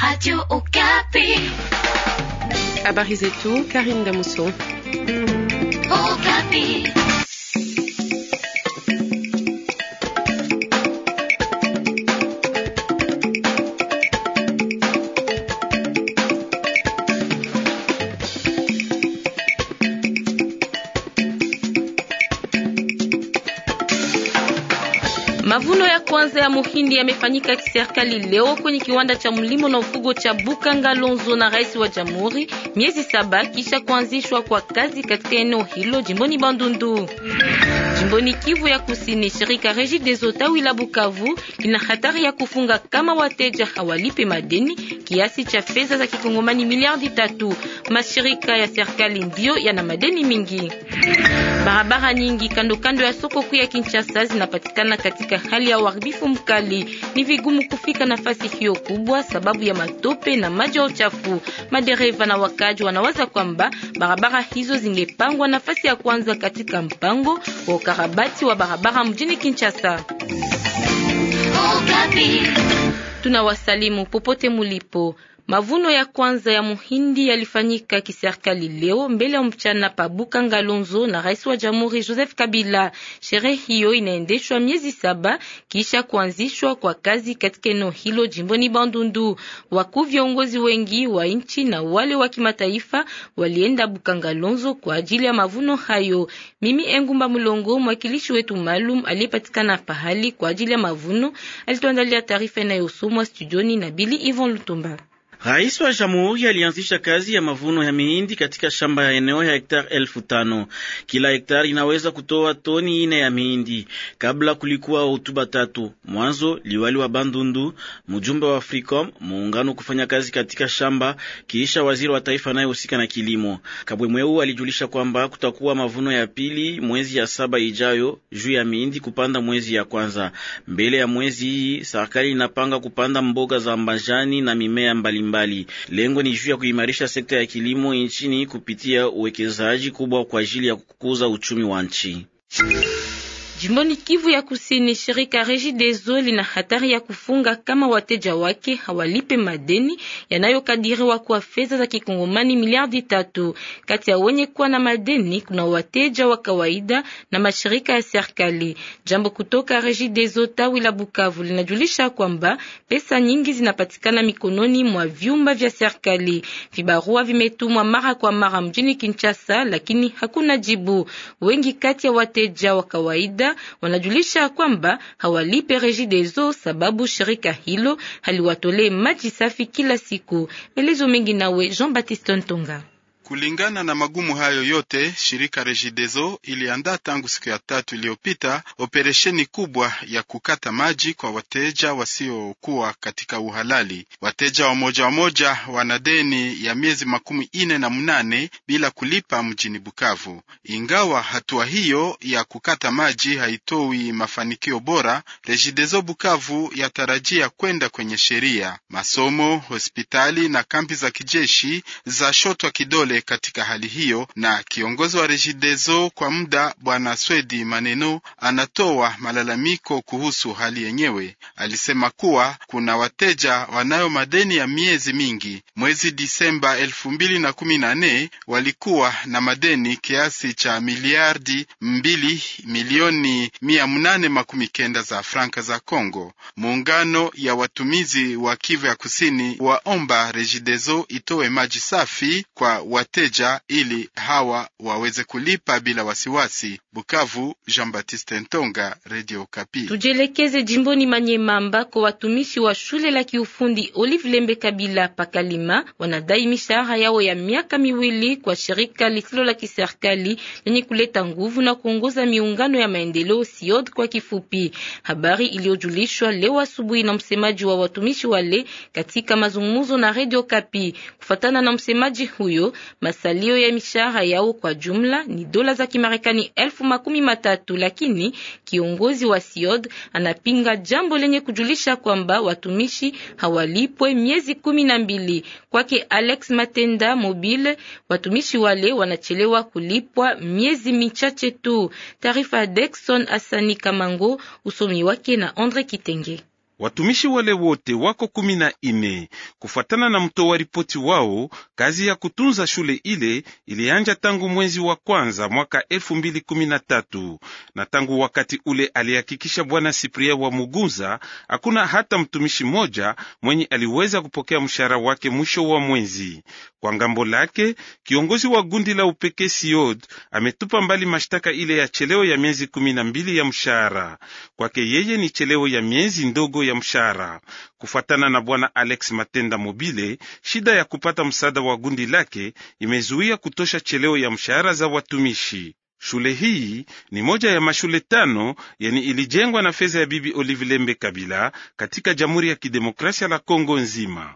Radio Okapi. Habari zetu, Karim Damuso. Okapi. Mavuno ya kwanza ya muhindi yamefanyika kiserikali leo kwenye kiwanda cha mlimo na ufugo cha bukanga lonzo na rais wa jamhuri, miezi saba kisha kuanzishwa kwa kazi katika eneo hilo jimboni Bandundu. Jimboni Kivu ya Kusini, shirika des Otawi la Bukavu lina hatari ya kufunga kama wateja hawalipe madeni kiasi cha fedha za kikongomani miliardi tatu. Mashirika ya serikali ndiyo yana madeni mingi. Barabara nyingi kando kando ya soko kuu ya Kinshasa zinapatikana katika hali ya uharibifu mkali. Ni vigumu kufika nafasi hiyo kubwa sababu ya matope na maji ya uchafu. Madereva na wakaji wanawaza kwamba barabara hizo zingepangwa nafasi ya kwanza katika mpango wa ukarabati wa barabara mjini Kinshasa. Oh, Tunawasalimu popote mulipo. Mavuno ya kwanza ya muhindi yalifanyika kiserikali leo mbele ya mchana pa Bukanga Lonzo na rais wa jamhuri Joseph Kabila. Sherehe hiyo inaendeshwa miezi saba kisha kuanzishwa kwa kazi katika eneo hilo jimboni Bandundu. Wakuu viongozi wengi wa nchi na wale wa kimataifa walienda Bukanga Lonzo kwa ajili ya mavuno hayo. Mimi Engumba Mulongo, mwakilishi wetu maalum aliyepatikana pahali kwa ajili ya mavuno, alituandalia taarifa inayosomwa studioni na Bili Ivan Lutumba. Rais wa Jamhuri alianzisha kazi ya mavuno ya mihindi katika shamba ya eneo ya hektari elfu tano. Kila hektari inaweza kutoa toni ine ya mihindi. Kabla kulikuwa hotuba tatu. Mwanzo liwali wa Bandundu, mjumbe wa fricom muungano kufanya kazi katika shamba, kisha waziri wa taifa anayehusika na kilimo. Kabwe Mweu alijulisha kwamba kutakuwa mavuno ya pili mwezi ya saba ijayo juu ya mihindi kupanda mwezi ya kwanza. Mbele ya mwezi hii serikali inapanga kupanda mboga za mbajani na mimea mbalimbali mbalimbali. Lengo ni juu ya kuimarisha sekta ya kilimo nchini kupitia uwekezaji kubwa kwa ajili ya kukuza uchumi wa nchi. Jimboni Kivu ya Kusini, shirika Regideso lina hatari ya kufunga kama wateja wake hawalipe madeni yanayokadiriwa kuwa fedha za kikongomani miliardi tatu. Kati ya wenye kuwa na madeni kuna wateja wa kawaida na mashirika ya serikali. Jambo kutoka Regideso tawi la Bukavu linajulisha kwamba pesa nyingi zinapatikana mikononi mwa vyumba vya serikali. Vibarua vimetumwa mara kwa mara mjini Kinshasa, lakini hakuna jibu. Wengi kati ya wateja wa kawaida Ulaya wanajulisha kwamba hawalipe Regideso sababu shirika hilo haliwatolee maji safi kila siku. Elezo mengi nawe Jean Baptiste Ntonga. Kulingana na magumu hayo yote, shirika Regideso iliandaa tangu siku ya tatu iliyopita operesheni kubwa ya kukata maji kwa wateja wasiokuwa katika uhalali. Wateja wamoja wamoja wana deni ya miezi makumi ine na mnane bila kulipa mjini Bukavu. Ingawa hatua hiyo ya kukata maji haitoi mafanikio bora, Regideso Bukavu yatarajia kwenda kwenye sheria. Masomo, hospitali na kambi za kijeshi za shotwa kidole katika hali hiyo, na kiongozi wa Rejidezo kwa muda Bwana Swedi Maneno anatoa malalamiko kuhusu hali yenyewe. Alisema kuwa kuna wateja wanayo madeni ya miezi mingi. Mwezi Disemba elfu mbili na kumi na nne walikuwa na madeni kiasi cha miliardi mbili milioni mia mnane makumi kenda za franka za Congo. Muungano ya watumizi wa Kivu ya Kusini waomba Rejidezo itoe maji safi kwa wateja ili hawa waweze kulipa bila wasiwasi. Bukavu, Jean Baptiste Ntonga, Radio Kapi. Tujelekeze jimboni Manyema ambako watumishi wa shule la kiufundi Olive Lembe Kabila Pakalima wanadai mishahara yao ya miaka miwili kwa shirika lisilo la kiserikali lenye kuleta nguvu na kuongoza miungano ya maendeleo SIOD kwa kifupi. Habari iliyojulishwa leo asubuhi na msemaji wa watumishi wale katika mazungumzo na Radio Kapi. Kufatana na msemaji huyo Masalio ya mishahara yao kwa jumla ni dola za Kimarekani elfu makumi matatu, lakini kiongozi wa SIOD anapinga jambo lenye kujulisha kwamba watumishi hawalipwe miezi kumi na mbili. Kwake Alex Matenda Mobile, watumishi wale wanachelewa kulipwa miezi michache tu. Taarifa ya Dexon Asani Kamango, usomi wake na Andre Kitenge. Watumishi wale wote wako kumi na ine. Kufuatana na mtoa wa ripoti wao, kazi ya kutunza shule ile ilianja tangu mwezi wa kwanza mwaka elfu mbili kumi na tatu na tangu wakati ule alihakikisha Bwana Sipria wa Muguza hakuna hata mtumishi mmoja mwenye aliweza kupokea mshahara wake mwisho wa mwezi. Kwa ngambo lake, kiongozi wa gundi la upekee Siod ametupa mbali mashtaka ile ya cheleo ya miezi kumi na mbili ya mshahara kwake. Yeye ni cheleo ya miezi ndogo ya mshahara. Kufuatana na bwana Alex Matenda Mobile, shida ya kupata msaada wa gundi lake imezuia kutosha cheleo ya mshahara za watumishi. Shule hii ni moja ya mashule tano yani ilijengwa na fedha ya bibi Olive Lembe Kabila katika Jamhuri ya Kidemokrasia la Kongo nzima.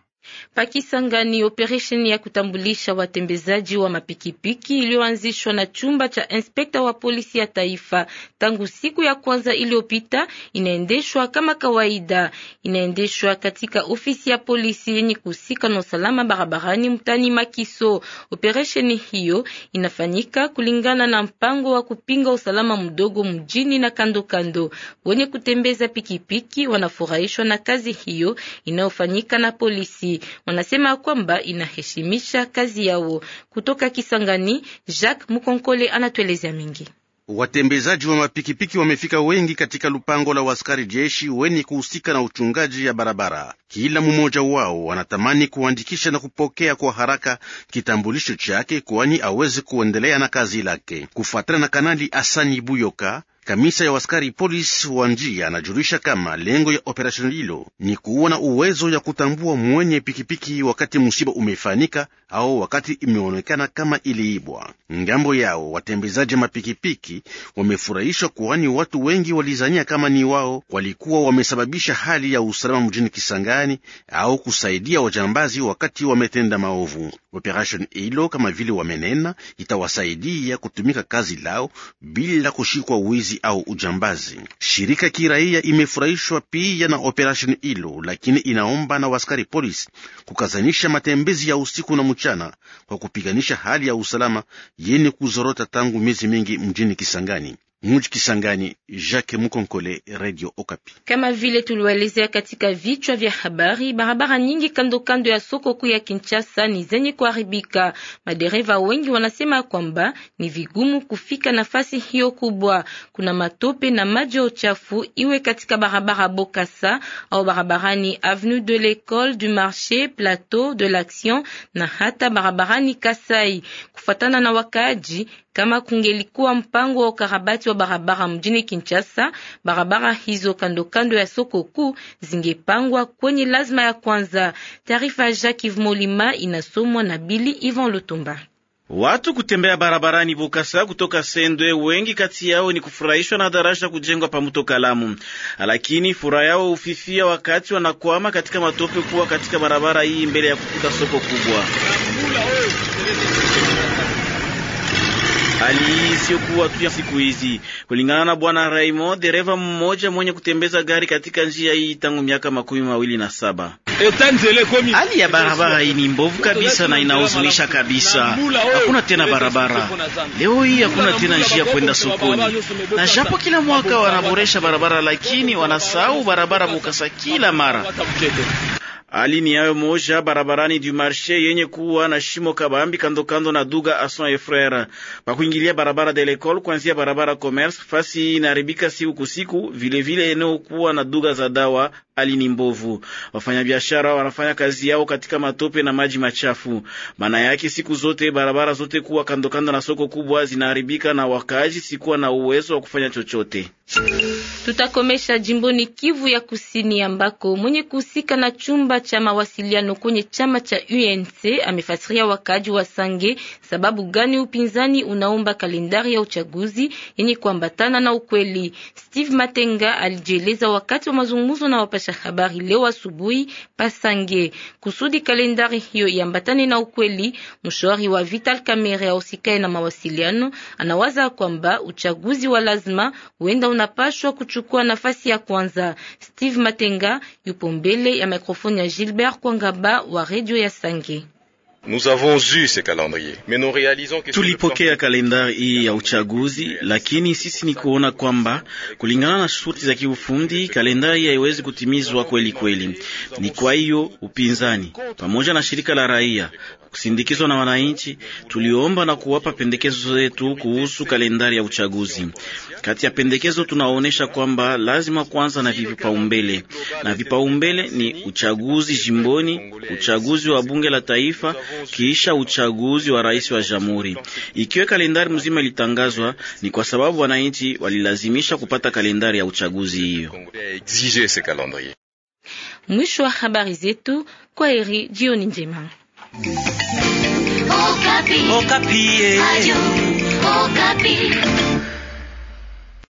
Pakisangani, operesheni ya kutambulisha watembezaji wa mapikipiki iliyoanzishwa na chumba cha inspekta wa polisi ya taifa tangu siku ya kwanza iliyopita inaendeshwa kama kawaida. Inaendeshwa katika ofisi ya polisi yenye kuhusika na usalama barabarani mtani Makiso. Operesheni hiyo inafanyika kulingana na mpango wa kupinga usalama mdogo mjini na kando kando. Wenye kutembeza pikipiki wanafurahishwa na kazi hiyo inayofanyika na polisi wanasema kwamba inaheshimisha kazi yao. Kutoka Kisangani, Jacques Mukonkole anatuelezea mengi. Watembezaji wa mapikipiki wamefika wengi katika lupango la waskari jeshi wenye kuhusika na uchungaji ya barabara. Kila mmoja wao wanatamani kuandikisha na kupokea kwa haraka kitambulisho chake, kwani aweze kuendelea na kazi lake. Kufuatana na Kanali Asani Buyoka, Kamisa ya waskari polisi wa njia anajulisha kama lengo ya operesheni hilo ni kuwa na uwezo ya kutambua mwenye pikipiki wakati msiba umefanyika au wakati imeonekana kama iliibwa. Ngambo yao watembezaji mapikipiki wamefurahishwa, kwani watu wengi walizania kama ni wao walikuwa wamesababisha hali ya usalama mjini Kisangani au kusaidia wajambazi wakati wametenda maovu. Operesheni hilo kama vile wamenena, itawasaidia kutumika kazi lao bila kushikwa wizi wizi au ujambazi. Shirika kiraia imefurahishwa pia na operasheni hilo, lakini inaomba na waskari polisi kukazanisha matembezi ya usiku na mchana kwa kupiganisha hali ya usalama yenye kuzorota tangu miezi mingi mjini Kisangani. Mji Kisangani, Jacques Mukonkole, Radio Okapi. Kama vile tuliwaelezea katika vichwa vya habari, barabara nyingi kando kando ya soko kuu ya Kinshasa ni zenye kuharibika. Madereva wengi wanasema kwamba ni vigumu kufika nafasi hiyo kubwa, kuna matope na maji uchafu, iwe katika barabara Bokassa au barabarani Avenue de l'École du Marché, Plateau de l'Action na hata barabarani Kasai. Kufatana na wakaaji, kama kungelikuwa mpango wa ukarabati kuanzishwa barabara mjini Kinshasa. Barabara hizo kando kando ya soko kuu zingepangwa kwenye lazima ya kwanza. Taarifa ya Jacques Molima inasomwa na Bili Ivan Lutumba. Watu kutembea barabarani Bukasa kutoka Sendwe, wengi kati yao ni kufurahishwa na daraja kujengwa pa mto Kalamu, lakini furaha yao hufifia wakati wanakwama katika matope kuwa katika barabara hii mbele ya kufika soko kubwa Hali hii isiyokuwa tu ya siku hizi. Kulingana na bwana Raimo, dereva mmoja mwenye kutembeza gari katika njia hii tangu miaka makumi mawili na saba. Hali ya barabara hii ni mbovu kabisa na inahuzunisha kabisa. Hakuna tena barabara leo hii, hakuna tena njia kwenda sokoni, na japo kila mwaka wanaboresha barabara, lakini wanasahau barabara Bukasa kila mara hali ni ayo moja barabarani du Marche yenye kuwa na shimo kabambi kandokando na duga Ason et Frere pa kuingilia barabara de l'Ecole kuanzia barabara Commerce, fasi inaharibika siku kusiku, vilevile eneo kuwa na duga za dawa hali ni mbovu. Wafanyabiashara wanafanya kazi yao katika matope na maji machafu. Maana yake siku zote barabara zote kuwa kandokando na soko kubwa zinaharibika na wakaaji sikuwa na uwezo wa kufanya chochote. Tutakomesha jimboni Kivu ya Kusini ambako mwenye kuhusika na chumba cha mawasiliano kwenye chama cha UNC amefasiria wakaji wa Sange sababu gani upinzani unaomba kalendari ya uchaguzi yenye kuambatana na ukweli. Steve Matenga alijieleza wakati wa mazungumzo na wapasha habari leo asubuhi pa Sange kusudi kalendari hiyo iambatane na ukweli. Mshauri wa Vital Kamerhe ausikae na mawasiliano anawaza kwamba uchaguzi wa lazima huenda unapashwa kuchukua nafasi ya kwanza. Steve Matenga yupo mbele ya mikrofoni ya Gilbert Kwangaba wa radio ya Sange. Tulipokea kalendari hii ya uchaguzi, lakini sisi ni kuona kwamba kulingana na shuruti za kiufundi kalendari haiwezi kutimizwa kweli kweli. Ni kwa hiyo upinzani pamoja na shirika la raia kusindikizwa na wananchi, tuliomba na kuwapa pendekezo zetu kuhusu kalendari ya uchaguzi. Kati ya pendekezo tunaonyesha kwamba lazima kwanza na vipaumbele, na vipaumbele ni uchaguzi jimboni, uchaguzi wa bunge la taifa kisha uchaguzi wa rais wa jamhuri. Ikiwa kalendari mzima ilitangazwa, ni kwa sababu wananchi walilazimisha kupata kalendari ya uchaguzi hiyo. Mwisho wa habari zetu. Kwa heri, jioni njema. Okapi. Okapi. Eh. Okapi.